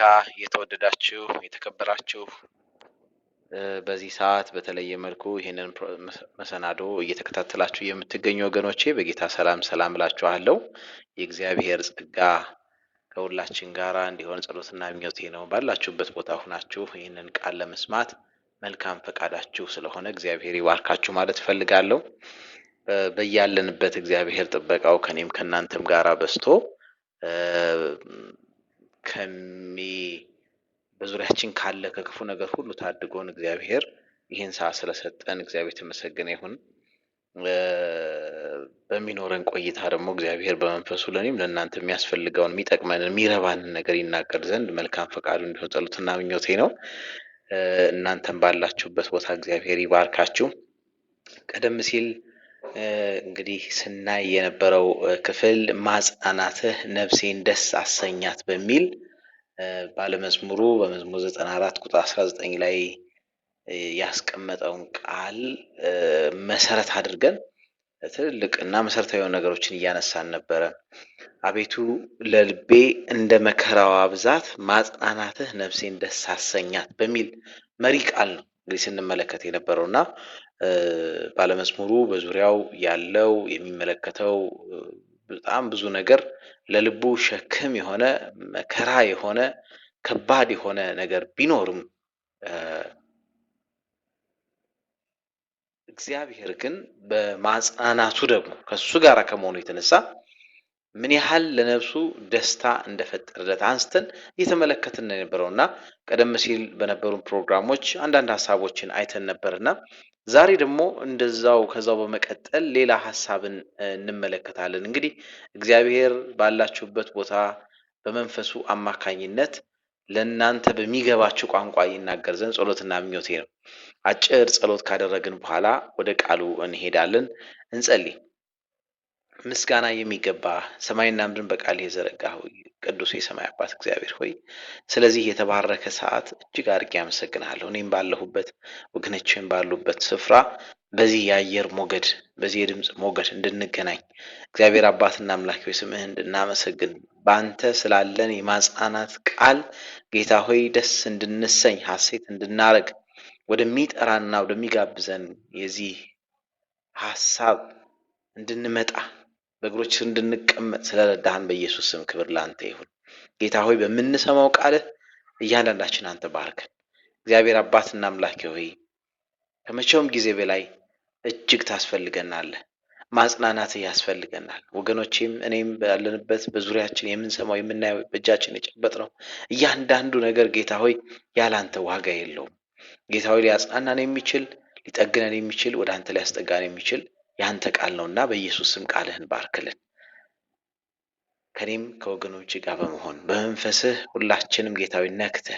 ጌታ የተወደዳችሁ የተከበራችሁ በዚህ ሰዓት በተለየ መልኩ ይህንን መሰናዶ እየተከታተላችሁ የምትገኙ ወገኖቼ በጌታ ሰላም ሰላም እላችኋለሁ። የእግዚአብሔር ጸጋ ከሁላችን ጋራ እንዲሆን ጸሎትና ምኞቴ ነው። ባላችሁበት ቦታ ሁናችሁ ይህንን ቃል ለመስማት መልካም ፈቃዳችሁ ስለሆነ እግዚአብሔር ይባርካችሁ ማለት እፈልጋለሁ። በያለንበት እግዚአብሔር ጥበቃው ከኔም ከእናንተም ጋር በዝቶ ከሚ በዙሪያችን ካለ ከክፉ ነገር ሁሉ ታድጎን እግዚአብሔር ይህን ሰዓት ስለሰጠን እግዚአብሔር የተመሰገነ ይሁን። በሚኖረን ቆይታ ደግሞ እግዚአብሔር በመንፈሱ ለእኔም ለእናንተ የሚያስፈልገውን የሚጠቅመንን የሚረባንን ነገር ይናገር ዘንድ መልካም ፈቃዱ እንዲሆን ጸሎትና ምኞቴ ነው። እናንተም ባላችሁበት ቦታ እግዚአብሔር ይባርካችሁ። ቀደም ሲል እንግዲህ ስናይ የነበረው ክፍል ማጽናናትህ ነፍሴን ደስ አሰኛት በሚል ባለመዝሙሩ በመዝሙር 94 ቁጥር 19 ላይ ያስቀመጠውን ቃል መሰረት አድርገን ትልልቅ እና መሰረታዊ ነገሮችን እያነሳን ነበረ። አቤቱ ለልቤ እንደ መከራዋ ብዛት ማጽናናትህ ነፍሴን ደስ አሰኛት በሚል መሪ ቃል ነው እንግዲህ ስንመለከት የነበረው እና ባለመስሙሩ በዙሪያው ያለው የሚመለከተው በጣም ብዙ ነገር ለልቡ ሸክም የሆነ መከራ የሆነ ከባድ የሆነ ነገር ቢኖርም እግዚአብሔር ግን በማጽናናቱ ደግሞ ከእሱ ጋር ከመሆኑ የተነሳ ምን ያህል ለነብሱ ደስታ እንደፈጠረለት አንስተን እየተመለከትን የነበረውና ቀደም ሲል በነበሩ ፕሮግራሞች አንዳንድ ሀሳቦችን አይተን ነበርና ዛሬ ደግሞ እንደዛው ከዛው በመቀጠል ሌላ ሀሳብን እንመለከታለን። እንግዲህ እግዚአብሔር ባላችሁበት ቦታ በመንፈሱ አማካኝነት ለእናንተ በሚገባችሁ ቋንቋ ይናገር ዘንድ ጸሎትና ምኞቴ ነው። አጭር ጸሎት ካደረግን በኋላ ወደ ቃሉ እንሄዳለን። እንጸልይ። ምስጋና የሚገባ ሰማይና ምድርን በቃል የዘረጋ ቅዱስ የሰማይ አባት እግዚአብሔር ሆይ ስለዚህ የተባረከ ሰዓት እጅግ አድርጌ አመሰግናለሁ። እኔም ባለሁበት ወገኖችን ባሉበት ስፍራ በዚህ የአየር ሞገድ በዚህ የድምፅ ሞገድ እንድንገናኝ እግዚአብሔር አባትና አምላክ ስምህ እንድናመሰግን በአንተ ስላለን የማጽናናት ቃል ጌታ ሆይ ደስ እንድንሰኝ ሐሴት እንድናረግ ወደሚጠራና ወደሚጋብዘን የዚህ ሀሳብ እንድንመጣ በእግሮች እንድንቀመጥ ስለረዳህን በኢየሱስ ስም ክብር ለአንተ ይሁን። ጌታ ሆይ በምንሰማው ቃልህ እያንዳንዳችን አንተ ባርከን። እግዚአብሔር አባትና አምላክ ሆይ ከመቼውም ጊዜ በላይ እጅግ ታስፈልገናለህ። ማጽናናት ያስፈልገናል። ወገኖቼም እኔም ባለንበት በዙሪያችን የምንሰማው የምናየው፣ በእጃችን ነው። እያንዳንዱ ነገር ጌታ ሆይ ያላንተ ዋጋ የለውም። ጌታ ሆይ ሊያጽናናን የሚችል ሊጠግነን የሚችል ወደ አንተ ሊያስጠጋን የሚችል ያንተ ቃል ነውና በኢየሱስ ስም ቃልህን ባርክልን። ከኔም ከወገኖች ጋር በመሆን በመንፈስህ ሁላችንም ጌታዊ ነክተ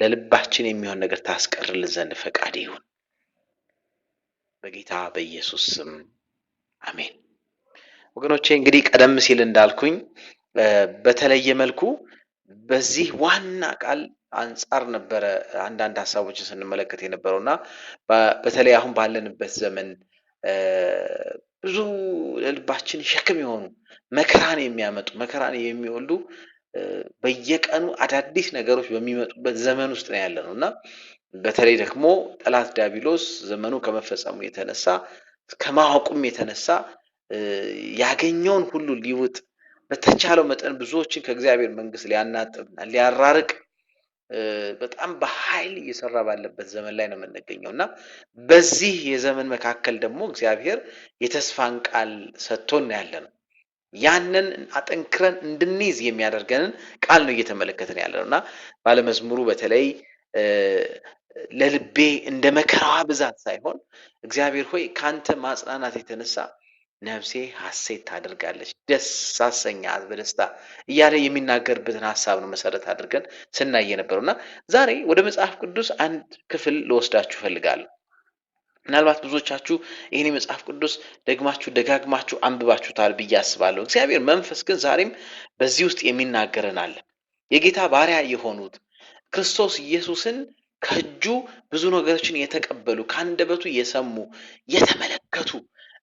ለልባችን የሚሆን ነገር ታስቀርልን ዘንድ ፈቃድ ይሁን በጌታ በኢየሱስ ስም አሜን። ወገኖቼ እንግዲህ ቀደም ሲል እንዳልኩኝ በተለየ መልኩ በዚህ ዋና ቃል አንጻር ነበረ አንዳንድ ሀሳቦችን ስንመለከት የነበረው እና በተለይ አሁን ባለንበት ዘመን ብዙ ለልባችን ሸክም የሆኑ መከራን የሚያመጡ መከራን የሚወልዱ በየቀኑ አዳዲስ ነገሮች በሚመጡበት ዘመን ውስጥ ነው ያለ ነው እና በተለይ ደግሞ ጠላት ዲያብሎስ ዘመኑ ከመፈጸሙ የተነሳ ከማወቁም የተነሳ ያገኘውን ሁሉ ሊውጥ በተቻለው መጠን ብዙዎችን ከእግዚአብሔር መንግስት ሊያናጥብና ሊያራርቅ በጣም በኃይል እየሰራ ባለበት ዘመን ላይ ነው የምንገኘው እና በዚህ የዘመን መካከል ደግሞ እግዚአብሔር የተስፋን ቃል ሰጥቶ ያለ ነው። ያንን አጠንክረን እንድንይዝ የሚያደርገንን ቃል ነው እየተመለከትን ያለ ነው እና ባለመዝሙሩ በተለይ ለልቤ እንደ መከራዋ ብዛት ሳይሆን እግዚአብሔር ሆይ ካንተ ማጽናናት የተነሳ ነፍሴ ሐሴት ታደርጋለች፣ ደስ አሰኛት በደስታ እያለ የሚናገርበትን ሀሳብ ነው መሰረት አድርገን ስናይ የነበረው እና ዛሬ ወደ መጽሐፍ ቅዱስ አንድ ክፍል ልወስዳችሁ እፈልጋለሁ። ምናልባት ብዙዎቻችሁ ይህን የመጽሐፍ ቅዱስ ደግማችሁ ደጋግማችሁ አንብባችሁታል ብዬ አስባለሁ። እግዚአብሔር መንፈስ ግን ዛሬም በዚህ ውስጥ የሚናገረን አለ። የጌታ ባሪያ የሆኑት ክርስቶስ ኢየሱስን ከእጁ ብዙ ነገሮችን የተቀበሉ ከአንደበቱ የሰሙ የተመለከቱ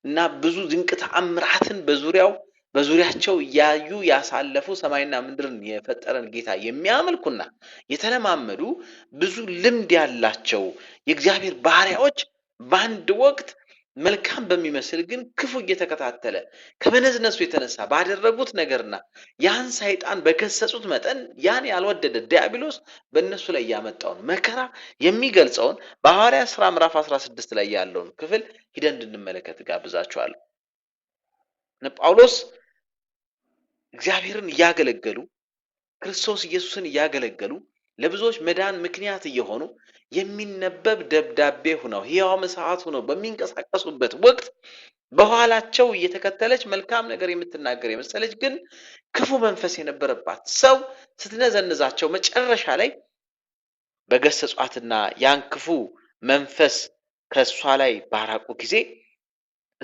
እና ብዙ ድንቅ ተአምራትን በዙሪያው በዙሪያቸው ያዩ ያሳለፉ ሰማይና ምድርን የፈጠረን ጌታ የሚያመልኩና የተለማመዱ ብዙ ልምድ ያላቸው የእግዚአብሔር ባህሪያዎች በአንድ ወቅት መልካም በሚመስል ግን ክፉ እየተከታተለ ከመነዝነሱ የተነሳ ባደረጉት ነገርና ያን ሰይጣን በገሰጹት መጠን ያን ያልወደደ ዲያብሎስ በእነሱ ላይ ያመጣውን መከራ የሚገልጸውን በሐዋርያ ሥራ ምዕራፍ 16 ላይ ያለውን ክፍል ሂደን እንድንመለከት ጋብዛችኋለሁ። ጳውሎስ እግዚአብሔርን እያገለገሉ ክርስቶስ ኢየሱስን እያገለገሉ ለብዙዎች መዳን ምክንያት እየሆኑ የሚነበብ ደብዳቤ ሁነው ሕያው ምሳዓት ሁነው በሚንቀሳቀሱበት ወቅት በኋላቸው እየተከተለች መልካም ነገር የምትናገር የመሰለች ግን ክፉ መንፈስ የነበረባት ሰው ስትነዘንዛቸው መጨረሻ ላይ በገሰጿትና ያን ክፉ መንፈስ ከእሷ ላይ ባራቁ ጊዜ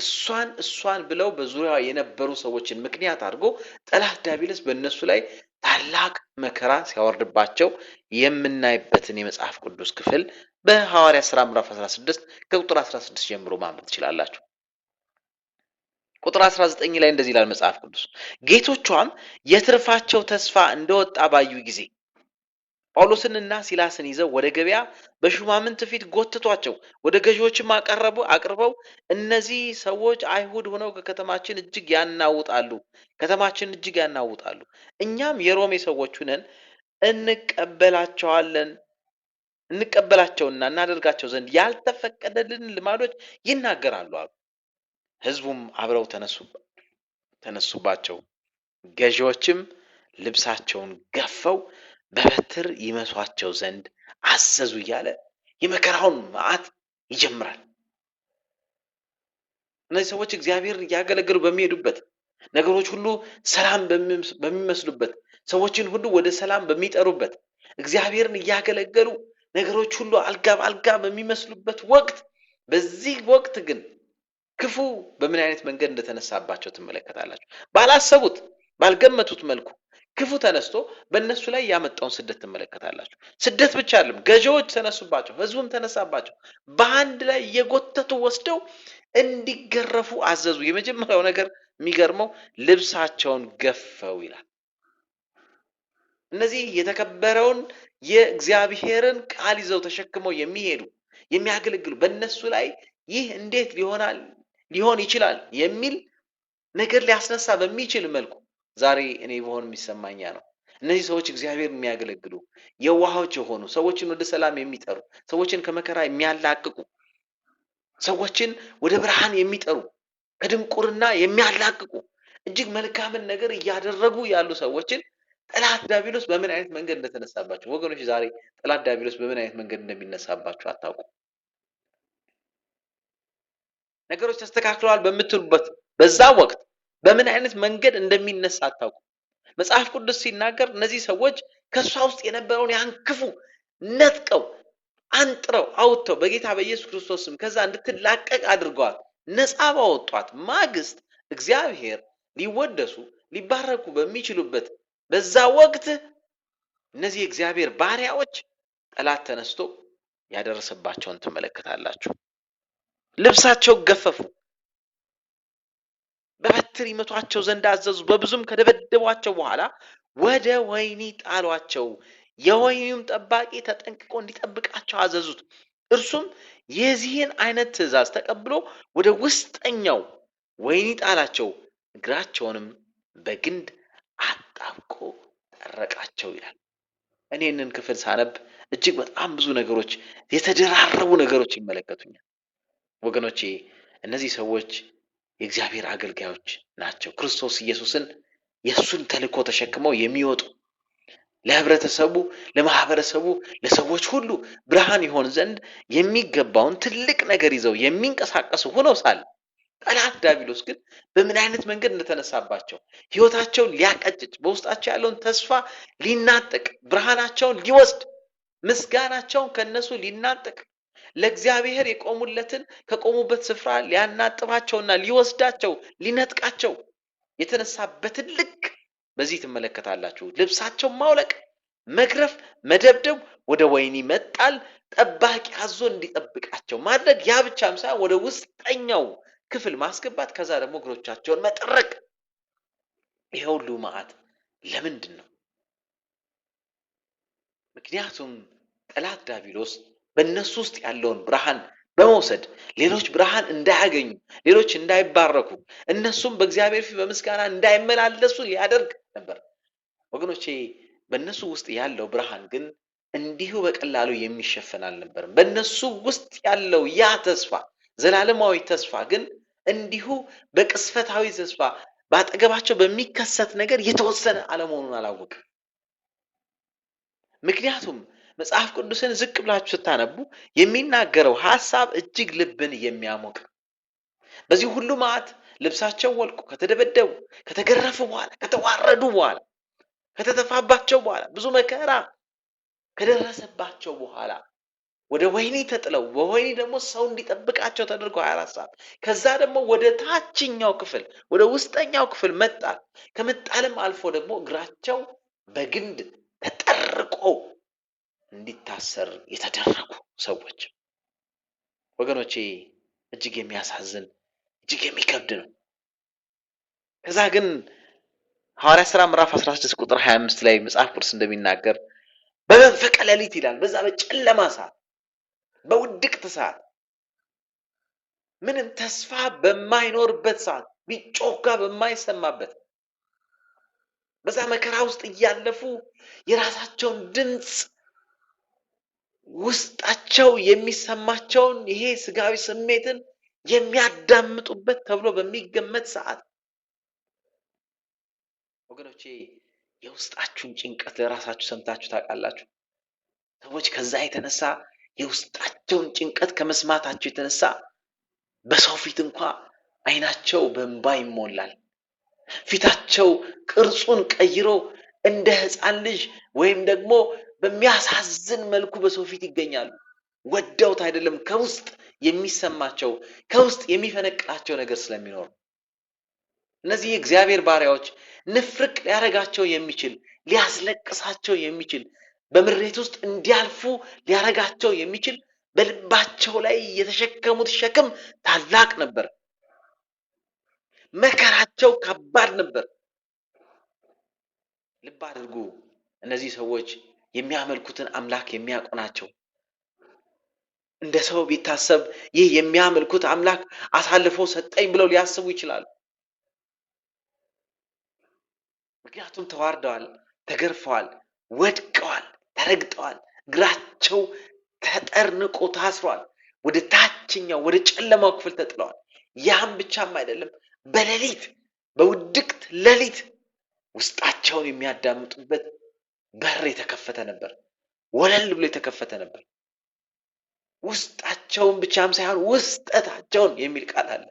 እሷን እሷን ብለው በዙሪያ የነበሩ ሰዎችን ምክንያት አድርጎ ጠላት ዲያብሎስ በእነሱ ላይ ታላቅ መከራ ሲያወርድባቸው የምናይበትን የመጽሐፍ ቅዱስ ክፍል በሐዋርያት ሥራ ምዕራፍ 16 ከቁጥር 16 ጀምሮ ማንበብ ትችላላችሁ። ቁጥር 19 ላይ እንደዚህ ይላል መጽሐፍ ቅዱስ ጌቶቿም የትርፋቸው ተስፋ እንደወጣ ባዩ ጊዜ ጳውሎስንና ሲላስን ይዘው ወደ ገበያ በሹማምንት ፊት ጎትቷቸው ወደ ገዢዎችም አቀረቡ አቅርበው እነዚህ ሰዎች አይሁድ ሆነው ከከተማችን እጅግ ያናውጣሉ፣ ከተማችን እጅግ ያናውጣሉ። እኛም የሮሜ ሰዎች ሁነን እንቀበላቸዋለን እንቀበላቸውና እናደርጋቸው ዘንድ ያልተፈቀደልን ልማዶች ይናገራሉ አሉ። ህዝቡም አብረው ተነሱባቸው። ገዢዎችም ልብሳቸውን ገፈው በበትር ይመሷቸው ዘንድ አዘዙ እያለ የመከራውን መዓት ይጀምራል። እነዚህ ሰዎች እግዚአብሔር እያገለገሉ በሚሄዱበት ነገሮች ሁሉ ሰላም በሚመስሉበት ሰዎችን ሁሉ ወደ ሰላም በሚጠሩበት እግዚአብሔርን እያገለገሉ ነገሮች ሁሉ አልጋ በአልጋ በሚመስሉበት ወቅት በዚህ ወቅት ግን ክፉ በምን አይነት መንገድ እንደተነሳባቸው ትመለከታላችሁ። ባላሰቡት ባልገመቱት መልኩ ክፉ ተነስቶ በእነሱ ላይ ያመጣውን ስደት ትመለከታላችሁ። ስደት ብቻ አይደለም፣ ገዢዎች ተነሱባቸው፣ ህዝቡም ተነሳባቸው። በአንድ ላይ የጎተቱ ወስደው እንዲገረፉ አዘዙ። የመጀመሪያው ነገር የሚገርመው ልብሳቸውን ገፈው ይላል። እነዚህ የተከበረውን የእግዚአብሔርን ቃል ይዘው ተሸክመው የሚሄዱ የሚያገለግሉ፣ በእነሱ ላይ ይህ እንዴት ሊሆናል ሊሆን ይችላል የሚል ነገር ሊያስነሳ በሚችል መልኩ ዛሬ እኔ በሆን የሚሰማኛ ነው። እነዚህ ሰዎች እግዚአብሔር የሚያገለግሉ የዋሃዎች የሆኑ ሰዎችን ወደ ሰላም የሚጠሩ ሰዎችን ከመከራ የሚያላቅቁ ሰዎችን ወደ ብርሃን የሚጠሩ ከድንቁርና የሚያላቅቁ እጅግ መልካምን ነገር እያደረጉ ያሉ ሰዎችን ጠላት ዳቢሎስ በምን አይነት መንገድ እንደተነሳባቸው ወገኖች፣ ዛሬ ጠላት ዳቢሎስ በምን አይነት መንገድ እንደሚነሳባቸው አታውቁም። ነገሮች ተስተካክለዋል በምትሉበት በዛ ወቅት በምን አይነት መንገድ እንደሚነሳ አታውቁ። መጽሐፍ ቅዱስ ሲናገር እነዚህ ሰዎች ከእሷ ውስጥ የነበረውን ያን ክፉ ነጥቀው አንጥረው አውጥተው በጌታ በኢየሱስ ክርስቶስ ስም ከዛ እንድትላቀቅ አድርገዋት ነፃ ባወጧት ማግስት እግዚአብሔር ሊወደሱ ሊባረኩ በሚችሉበት በዛ ወቅት እነዚህ የእግዚአብሔር ባሪያዎች ጠላት ተነስቶ ያደረሰባቸውን ትመለከታላችሁ። ልብሳቸው ገፈፉ፣ በበትር ይመቷቸው ዘንድ አዘዙ። በብዙም ከደበደቧቸው በኋላ ወደ ወይኒ ጣሏቸው። የወይኒውም ጠባቂ ተጠንቅቆ እንዲጠብቃቸው አዘዙት። እርሱም የዚህን አይነት ትእዛዝ ተቀብሎ ወደ ውስጠኛው ወይኒ ጣላቸው፣ እግራቸውንም በግንድ አጣብቆ ጠረቃቸው ይላል። እኔንን ክፍል ሳነብ እጅግ በጣም ብዙ ነገሮች የተደራረቡ ነገሮች ይመለከቱኛል። ወገኖቼ እነዚህ ሰዎች የእግዚአብሔር አገልጋዮች ናቸው። ክርስቶስ ኢየሱስን የእሱን ተልእኮ ተሸክመው የሚወጡ ለህብረተሰቡ፣ ለማህበረሰቡ፣ ለሰዎች ሁሉ ብርሃን ይሆን ዘንድ የሚገባውን ትልቅ ነገር ይዘው የሚንቀሳቀሱ ሆነው ሳለ ጠላት ዲያብሎስ ግን በምን አይነት መንገድ እንደተነሳባቸው ህይወታቸውን ሊያቀጭጭ በውስጣቸው ያለውን ተስፋ ሊናጠቅ ብርሃናቸውን ሊወስድ ምስጋናቸውን ከነሱ ሊናጠቅ ለእግዚአብሔር የቆሙለትን ከቆሙበት ስፍራ ሊያናጥባቸውና ሊወስዳቸው ሊነጥቃቸው የተነሳበትን ልክ በዚህ ትመለከታላችሁ። ልብሳቸው ማውለቅ፣ መግረፍ፣ መደብደብ፣ ወደ ወይኒ መጣል፣ ጠባቂ አዞ እንዲጠብቃቸው ማድረግ፣ ያ ብቻም ሳይሆን ወደ ውስጠኛው ክፍል ማስገባት፣ ከዛ ደግሞ እግሮቻቸውን መጠረቅ። ይሄ ሁሉ መዓት ለምንድን ነው? ምክንያቱም ጠላት ዳቢሎስ በእነሱ ውስጥ ያለውን ብርሃን በመውሰድ ሌሎች ብርሃን እንዳያገኙ፣ ሌሎች እንዳይባረኩ፣ እነሱም በእግዚአብሔር ፊት በምስጋና እንዳይመላለሱ ያደርግ ነበር። ወገኖቼ በእነሱ ውስጥ ያለው ብርሃን ግን እንዲሁ በቀላሉ የሚሸፈን አልነበርም። በእነሱ ውስጥ ያለው ያ ተስፋ ዘላለማዊ ተስፋ ግን እንዲሁ በቅስፈታዊ ተስፋ በአጠገባቸው በሚከሰት ነገር የተወሰነ አለመሆኑን አላወቅም። ምክንያቱም መጽሐፍ ቅዱስን ዝቅ ብላችሁ ስታነቡ የሚናገረው ሀሳብ እጅግ ልብን የሚያሞቅ በዚህ ሁሉ ማዕት ልብሳቸው ወልቆ ከተደበደቡ፣ ከተገረፉ በኋላ ከተዋረዱ በኋላ ከተተፋባቸው በኋላ ብዙ መከራ ከደረሰባቸው በኋላ ወደ ወህኒ ተጥለው በወህኒ ደግሞ ሰው እንዲጠብቃቸው ተደርጎ ሀያ ሰዓት ከዛ ደግሞ ወደ ታችኛው ክፍል ወደ ውስጠኛው ክፍል መጣል ከመጣልም አልፎ ደግሞ እግራቸው በግንድ ተጠራ እንዲታሰር የተደረጉ ሰዎች ወገኖቼ፣ እጅግ የሚያሳዝን እጅግ የሚከብድ ነው። ከዛ ግን ሐዋርያ ሥራ ምዕራፍ 16 ቁጥር 25 ላይ መጽሐፍ ቅዱስ እንደሚናገር በመንፈቀ ሌሊት ይላል። በዛ በጨለማ ሰዓት፣ በውድቅት ሰዓት፣ ምንም ተስፋ በማይኖርበት ሰዓት፣ ቢጮጋ በማይሰማበት በዛ መከራ ውስጥ እያለፉ የራሳቸውን ድምፅ ውስጣቸው የሚሰማቸውን ይሄ ስጋዊ ስሜትን የሚያዳምጡበት ተብሎ በሚገመት ሰዓት ወገኖቼ የውስጣችሁን ጭንቀት ለራሳችሁ ሰምታችሁ ታውቃላችሁ። ሰዎች ከዛ የተነሳ የውስጣቸውን ጭንቀት ከመስማታቸው የተነሳ በሰው ፊት እንኳ አይናቸው በእንባ ይሞላል። ፊታቸው ቅርጹን ቀይሮ እንደ ሕፃን ልጅ ወይም ደግሞ በሚያሳዝን መልኩ በሰው ፊት ይገኛሉ። ወደውት አይደለም፣ ከውስጥ የሚሰማቸው ከውስጥ የሚፈነቅላቸው ነገር ስለሚኖር እነዚህ የእግዚአብሔር ባሪያዎች ንፍርቅ ሊያረጋቸው የሚችል ሊያስለቅሳቸው የሚችል በምሬት ውስጥ እንዲያልፉ ሊያረጋቸው የሚችል በልባቸው ላይ የተሸከሙት ሸክም ታላቅ ነበር። መከራቸው ከባድ ነበር። ልብ አድርጉ። እነዚህ ሰዎች የሚያመልኩትን አምላክ የሚያውቁ ናቸው። እንደ ሰው ቢታሰብ ይህ የሚያመልኩት አምላክ አሳልፎ ሰጠኝ ብለው ሊያስቡ ይችላሉ። ምክንያቱም ተዋርደዋል፣ ተገርፈዋል፣ ወድቀዋል፣ ተረግጠዋል። እግራቸው ተጠርንቆ ታስሯል። ወደ ታችኛው ወደ ጨለማው ክፍል ተጥለዋል። ያም ብቻም አይደለም፣ በሌሊት በውድቅት ሌሊት ውስጣቸውን የሚያዳምጡበት በር የተከፈተ ነበር። ወለል ብሎ የተከፈተ ነበር። ውስጣቸውን ብቻም ሳይሆን ውስጠታቸውን የሚል ቃል አለ።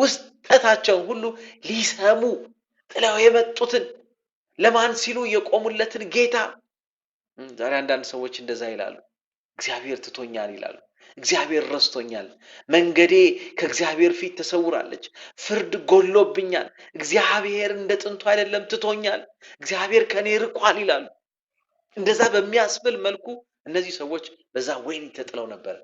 ውስጠታቸውን ሁሉ ሊሰሙ ጥለው የመጡትን ለማን ሲሉ የቆሙለትን ጌታ። ዛሬ አንዳንድ ሰዎች እንደዛ ይላሉ። እግዚአብሔር ትቶኛል ይላሉ። እግዚአብሔር ረስቶኛል። መንገዴ ከእግዚአብሔር ፊት ተሰውራለች። ፍርድ ጎሎብኛል። እግዚአብሔር እንደ ጥንቱ አይደለም፣ ትቶኛል። እግዚአብሔር ከእኔ ርቋል ይላሉ። እንደዛ በሚያስብል መልኩ እነዚህ ሰዎች በዛ ወይን ተጥለው ነበር።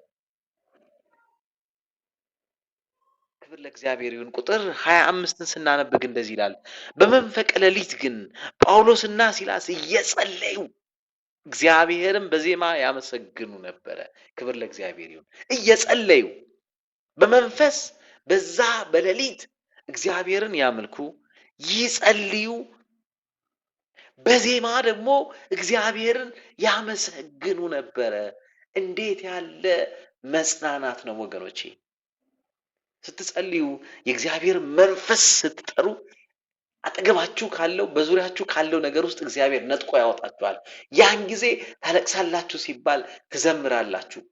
ክብር ለእግዚአብሔር ይሁን። ቁጥር ሀያ አምስትን ስናነብ ግን እንደዚህ ይላል። በመንፈቀ ሌሊት ግን ጳውሎስና ሲላስ እየጸለዩ እግዚአብሔርም በዜማ ያመሰግኑ ነበረ። ክብር ለእግዚአብሔር ይሁን። እየጸለዩ በመንፈስ በዛ በሌሊት እግዚአብሔርን ያመልኩ ይጸልዩ በዜማ ደግሞ እግዚአብሔርን ያመሰግኑ ነበረ። እንዴት ያለ መጽናናት ነው ወገኖቼ! ስትጸልዩ የእግዚአብሔር መንፈስ ስትጠሩ አጠገባችሁ ካለው በዙሪያችሁ ካለው ነገር ውስጥ እግዚአብሔር ነጥቆ ያወጣችኋል። ያን ጊዜ ታለቅሳላችሁ ሲባል ትዘምራላችሁ፣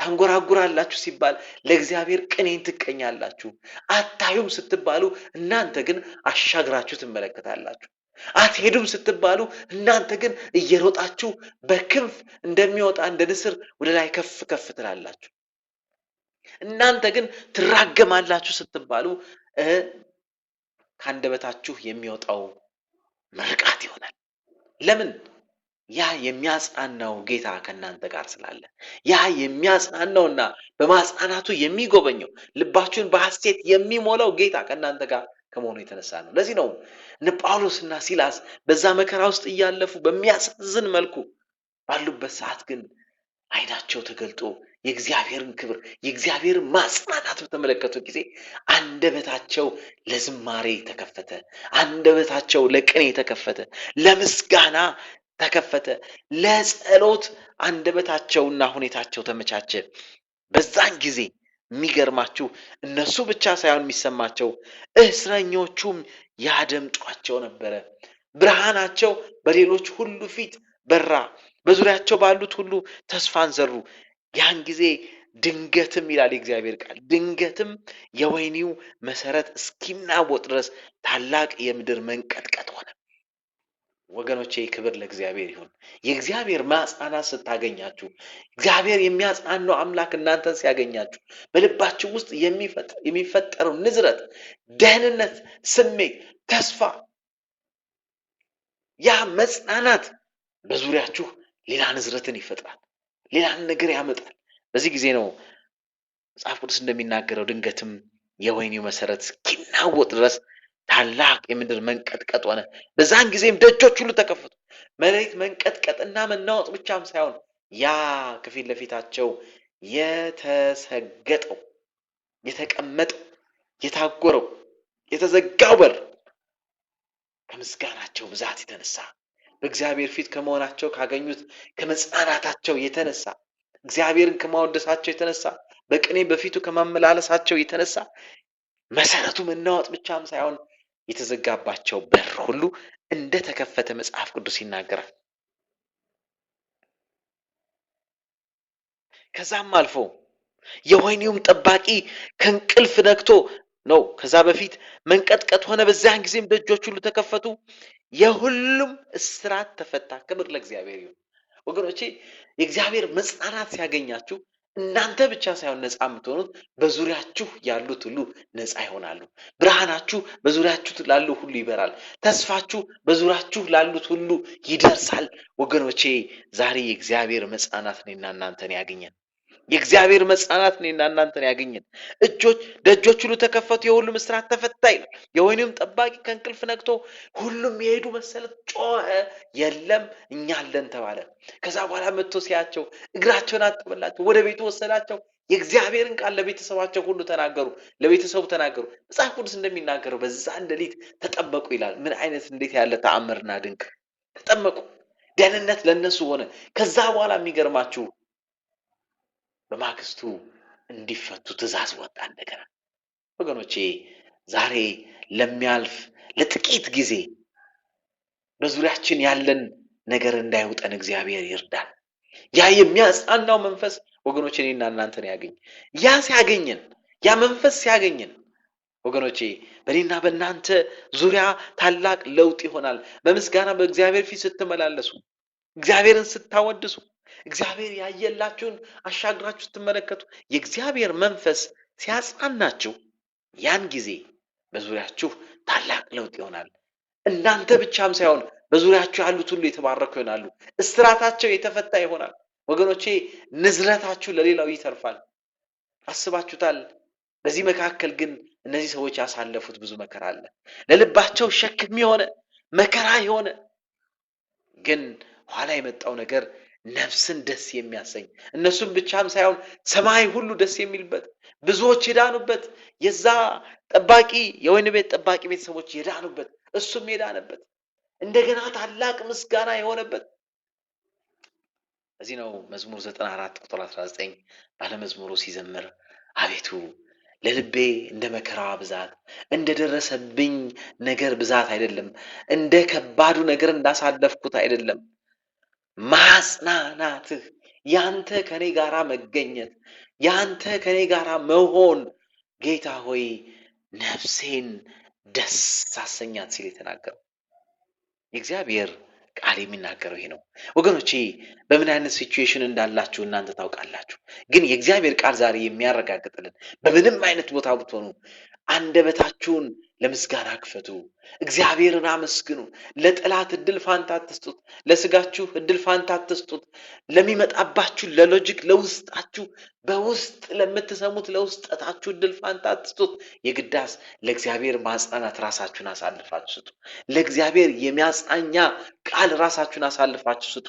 ታንጎራጉራላችሁ ሲባል ለእግዚአብሔር ቅኔን ትቀኛላችሁ። አታዩም ስትባሉ እናንተ ግን አሻግራችሁ ትመለከታላችሁ። አትሄዱም ስትባሉ እናንተ ግን እየሮጣችሁ በክንፍ እንደሚወጣ እንደ ንስር ወደ ላይ ከፍ ከፍ ትላላችሁ። እናንተ ግን ትራገማላችሁ ስትባሉ ከአንደበታችሁ የሚወጣው ምርቃት ይሆናል። ለምን? ያ የሚያጽናናው ጌታ ከእናንተ ጋር ስላለ፣ ያ የሚያጽናናውና በማጽናናቱ የሚጎበኘው ልባችሁን በሐሴት የሚሞላው ጌታ ከእናንተ ጋር ከመሆኑ የተነሳ ነው። ለዚህ ነው እነ ጳውሎስና ሲላስ በዛ መከራ ውስጥ እያለፉ በሚያሳዝን መልኩ ባሉበት ሰዓት ግን አይናቸው ተገልጦ የእግዚአብሔርን ክብር የእግዚአብሔርን ማጽናናት በተመለከቱ ጊዜ አንደበታቸው ለዝማሬ ተከፈተ። አንደበታቸው ለቅኔ ተከፈተ፣ ለምስጋና ተከፈተ፣ ለጸሎት አንደበታቸውና ሁኔታቸው ተመቻቸ። በዛን ጊዜ የሚገርማችሁ እነሱ ብቻ ሳይሆን የሚሰማቸው እስረኞቹም ያደምጧቸው ነበረ። ብርሃናቸው በሌሎች ሁሉ ፊት በራ፣ በዙሪያቸው ባሉት ሁሉ ተስፋን ዘሩ። ያን ጊዜ ድንገትም ይላል የእግዚአብሔር ቃል፣ ድንገትም የወይኒው መሰረት እስኪናወጥ ድረስ ታላቅ የምድር መንቀጥቀጥ ሆነ። ወገኖቼ ክብር ለእግዚአብሔር ይሁን። የእግዚአብሔር ማጽናናት ስታገኛችሁ፣ እግዚአብሔር የሚያጽናናው አምላክ እናንተን ሲያገኛችሁ፣ በልባችሁ ውስጥ የሚፈጠረው ንዝረት፣ ደህንነት ስሜት፣ ተስፋ፣ ያ መጽናናት በዙሪያችሁ ሌላ ንዝረትን ይፈጥራል፣ ሌላን ነገር ያመጣል። በዚህ ጊዜ ነው መጽሐፍ ቅዱስ እንደሚናገረው ድንገትም የወይኒው መሰረት እስኪናወጥ ድረስ ታላቅ የምድር መንቀጥቀጥ ሆነ። በዛን ጊዜም ደጆች ሁሉ ተከፈቱ። መሬት መንቀጥቀጥና መናወጥ ብቻም ሳይሆን ያ ከፊት ለፊታቸው የተሰገጠው የተቀመጠው የታጎረው የተዘጋው በር ከምስጋናቸው ብዛት የተነሳ በእግዚአብሔር ፊት ከመሆናቸው ካገኙት ከመጽናናታቸው የተነሳ እግዚአብሔርን ከማወደሳቸው የተነሳ በቅኔ በፊቱ ከማመላለሳቸው የተነሳ መሰረቱ መናወጥ ብቻም ሳይሆን የተዘጋባቸው በር ሁሉ እንደተከፈተ መጽሐፍ ቅዱስ ይናገራል። ከዛም አልፎ የወህኒውም ጠባቂ ከእንቅልፍ ነቅቶ ነው። ከዛ በፊት መንቀጥቀጥ ሆነ። በዚያን ጊዜም ደጆች ሁሉ ተከፈቱ፣ የሁሉም እስራት ተፈታ። ክብር ለእግዚአብሔር ይሁን። ወገኖቼ የእግዚአብሔር መጽናናት ሲያገኛችሁ እናንተ ብቻ ሳይሆን ነፃ የምትሆኑት በዙሪያችሁ ያሉት ሁሉ ነፃ ይሆናሉ። ብርሃናችሁ በዙሪያችሁ ላሉ ሁሉ ይበራል። ተስፋችሁ በዙሪያችሁ ላሉት ሁሉ ይደርሳል። ወገኖቼ ዛሬ የእግዚአብሔር መጽናናት እኔና እናንተን ያገኘን። የእግዚአብሔር መጽናናት እኔና እናንተን ያገኘን። እጆች ደጆች ሁሉ ተከፈቱ፣ የሁሉም እስራት ተፈታ ይላል። የወህኒውም ጠባቂ ከእንቅልፍ ነቅቶ ሁሉም የሄዱ መሰለ ጮኸ፣ የለም እኛ አለን ተባለ። ከዛ በኋላ መጥቶ ሲያቸው እግራቸውን አጠበላቸው፣ ወደ ቤቱ ወሰዳቸው። የእግዚአብሔርን ቃል ለቤተሰባቸው ሁሉ ተናገሩ፣ ለቤተሰቡ ተናገሩ። መጽሐፍ ቅዱስ እንደሚናገረው በዛ ሌሊት ተጠመቁ ይላል። ምን አይነት እንዴት ያለ ተአምርና ድንቅ! ተጠመቁ፣ ደህንነት ለእነሱ ሆነ። ከዛ በኋላ የሚገርማችሁ በማግስቱ እንዲፈቱ ትእዛዝ ወጣ። እንደገና ወገኖቼ ዛሬ ለሚያልፍ ለጥቂት ጊዜ በዙሪያችን ያለን ነገር እንዳይውጠን እግዚአብሔር ይርዳል። ያ የሚያጽናናው መንፈስ ወገኖቼ እኔና እናንተን ያገኝ። ያ ሲያገኝን፣ ያ መንፈስ ሲያገኝን ወገኖቼ በእኔና በእናንተ ዙሪያ ታላቅ ለውጥ ይሆናል። በምስጋና በእግዚአብሔር ፊት ስትመላለሱ፣ እግዚአብሔርን ስታወድሱ እግዚአብሔር ያየላችሁን አሻግራችሁ ስትመለከቱ የእግዚአብሔር መንፈስ ሲያጽናናችሁ ያን ጊዜ በዙሪያችሁ ታላቅ ለውጥ ይሆናል። እናንተ ብቻም ሳይሆን በዙሪያችሁ ያሉት ሁሉ የተባረኩ ይሆናሉ። እስራታቸው የተፈታ ይሆናል። ወገኖቼ ንዝረታችሁ ለሌላው ይተርፋል። አስባችሁታል? በዚህ መካከል ግን እነዚህ ሰዎች ያሳለፉት ብዙ መከራ አለ። ለልባቸው ሸክም የሆነ መከራ የሆነ ግን ኋላ የመጣው ነገር ነፍስን ደስ የሚያሰኝ እነሱም ብቻም ሳይሆን ሰማይ ሁሉ ደስ የሚልበት ብዙዎች የዳኑበት የዛ ጠባቂ የወይን ቤት ጠባቂ ቤተሰቦች የዳኑበት እሱም የዳነበት እንደገና ታላቅ ምስጋና የሆነበት እዚህ ነው። መዝሙር አራት ቁጥር ዘጠኝ ባለመዝሙሩ ሲዘምር አቤቱ ለልቤ እንደ መከራ ብዛት እንደደረሰብኝ ነገር ብዛት አይደለም፣ እንደ ከባዱ ነገር እንዳሳለፍኩት አይደለም ማጽናናትህ፣ ያንተ ከኔ ጋር መገኘት፣ ያንተ ከኔ ጋር መሆን ጌታ ሆይ ነፍሴን ደስ ሳሰኛት ሲል የተናገረው የእግዚአብሔር ቃል የሚናገረው ይሄ ነው። ወገኖቼ በምን አይነት ሲችዌሽን እንዳላችሁ እናንተ ታውቃላችሁ። ግን የእግዚአብሔር ቃል ዛሬ የሚያረጋግጥልን በምንም አይነት ቦታ ብትሆኑ አንደበታችሁን ለምስጋና ክፈቱ። እግዚአብሔርን አመስግኑ። ለጠላት እድል ፋንታ አትስጡት። ለስጋችሁ እድል ፋንታ አትስጡት። ለሚመጣባችሁ ለሎጂክ፣ ለውስጣችሁ በውስጥ ለምትሰሙት ለውስጠታችሁ እድል ፋንታ አትስጡት። የግዳስ ለእግዚአብሔር ማጽናናት ራሳችሁን አሳልፋችሁ ስጡ። ለእግዚአብሔር የሚያጽናኛ ቃል ራሳችሁን አሳልፋችሁ ስጡ።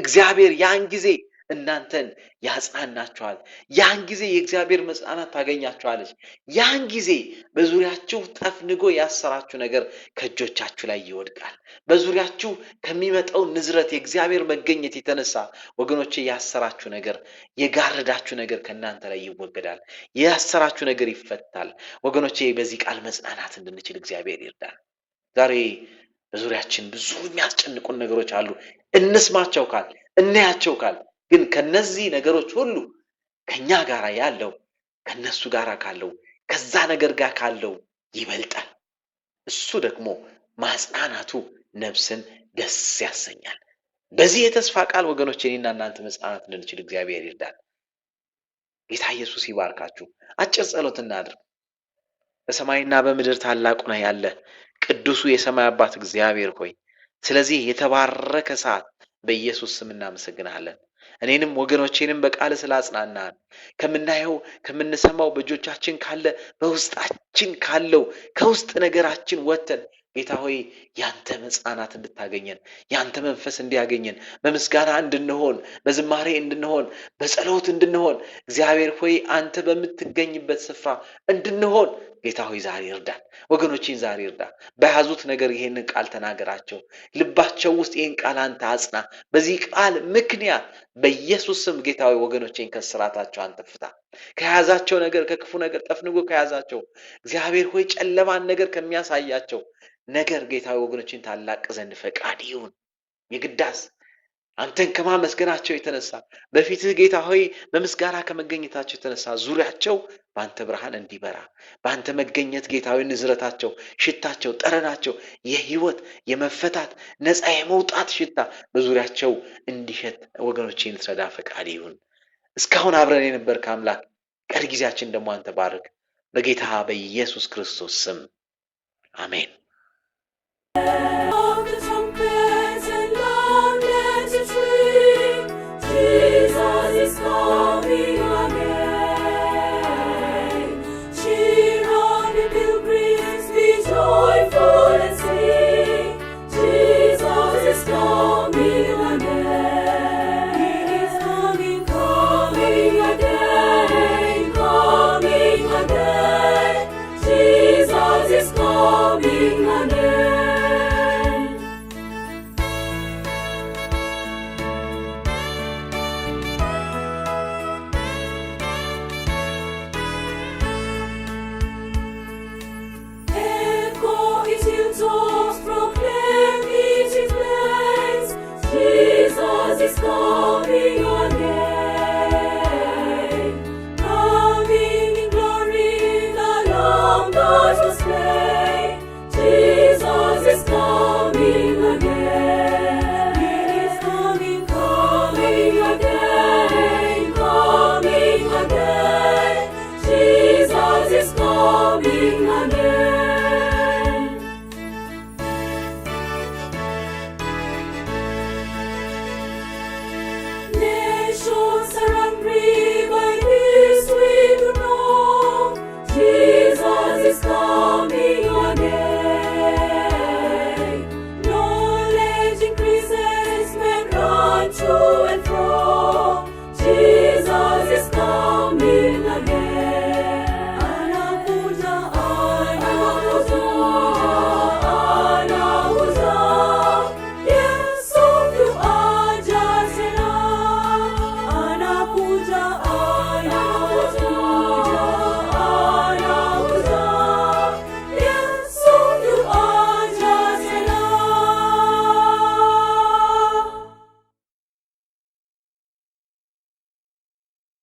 እግዚአብሔር ያን ጊዜ እናንተን ያጽናናችኋል። ያን ጊዜ የእግዚአብሔር መጽናናት ታገኛችኋለች። ያን ጊዜ በዙሪያችሁ ጠፍንጎ ያሰራችሁ ነገር ከእጆቻችሁ ላይ ይወድቃል። በዙሪያችሁ ከሚመጣው ንዝረት የእግዚአብሔር መገኘት የተነሳ ወገኖች ያሰራችሁ ነገር፣ የጋረዳችሁ ነገር ከእናንተ ላይ ይወገዳል። ያሰራችሁ ነገር ይፈታል። ወገኖቼ በዚህ ቃል መጽናናት እንድንችል እግዚአብሔር ይርዳል። ዛሬ በዙሪያችን ብዙ የሚያስጨንቁን ነገሮች አሉ። እንስማቸው ካል እናያቸው ካል ግን ከነዚህ ነገሮች ሁሉ ከኛ ጋር ያለው ከነሱ ጋር ካለው ከዛ ነገር ጋር ካለው ይበልጣል። እሱ ደግሞ ማጽናናቱ ነፍስን ደስ ያሰኛል። በዚህ የተስፋ ቃል ወገኖች እኔና እናንተ መጽናናት እንድንችል እግዚአብሔር ይርዳል። ጌታ ኢየሱስ ይባርካችሁ። አጭር ጸሎት እናድርግ። በሰማይና በምድር ታላቁ ነህ ያለ ቅዱሱ የሰማይ አባት እግዚአብሔር ሆይ ስለዚህ የተባረከ ሰዓት በኢየሱስ ስም እናመሰግናለን። እኔንም ወገኖቼንም በቃል ስላጽናናን ከምናየው ከምንሰማው በእጆቻችን ካለ በውስጣችን ካለው ከውስጥ ነገራችን ወጥተን ጌታ ሆይ ያንተ መጽናናት እንድታገኘን ያንተ መንፈስ እንዲያገኘን በምስጋና እንድንሆን በዝማሬ እንድንሆን በጸሎት እንድንሆን እግዚአብሔር ሆይ አንተ በምትገኝበት ስፍራ እንድንሆን ጌታ ሆይ ዛሬ እርዳን፣ ወገኖቼን ዛሬ እርዳ። በያዙት ነገር ይሄንን ቃል ተናገራቸው፣ ልባቸው ውስጥ ይህን ቃል አንተ አጽና። በዚህ ቃል ምክንያት በኢየሱስ ስም ጌታ ሆይ ወገኖቼን ከስራታቸው አንተ ፍታ። ከያዛቸው ነገር ከክፉ ነገር ጠፍንጎ ከያዛቸው እግዚአብሔር ሆይ ጨለማን ነገር ከሚያሳያቸው ነገር ጌታ ወገኖችን ታላቅ ዘንድ ፈቃድ ይሁን የግዳስ አንተን ከማመስገናቸው የተነሳ በፊትህ ጌታ ሆይ በምስጋና ከመገኘታቸው የተነሳ ዙሪያቸው በአንተ ብርሃን እንዲበራ በአንተ መገኘት ጌታ ሆይ ንዝረታቸው፣ ሽታቸው፣ ጠረናቸው የህይወት የመፈታት ነፃ የመውጣት ሽታ በዙሪያቸው እንዲሸት ወገኖች እንድትረዳ ፈቃድ ይሁን። እስካሁን አብረን የነበርክ አምላክ ቀሪ ጊዜያችን ደግሞ አንተ ባርክ። በጌታ በኢየሱስ ክርስቶስ ስም አሜን። Jesus is coming.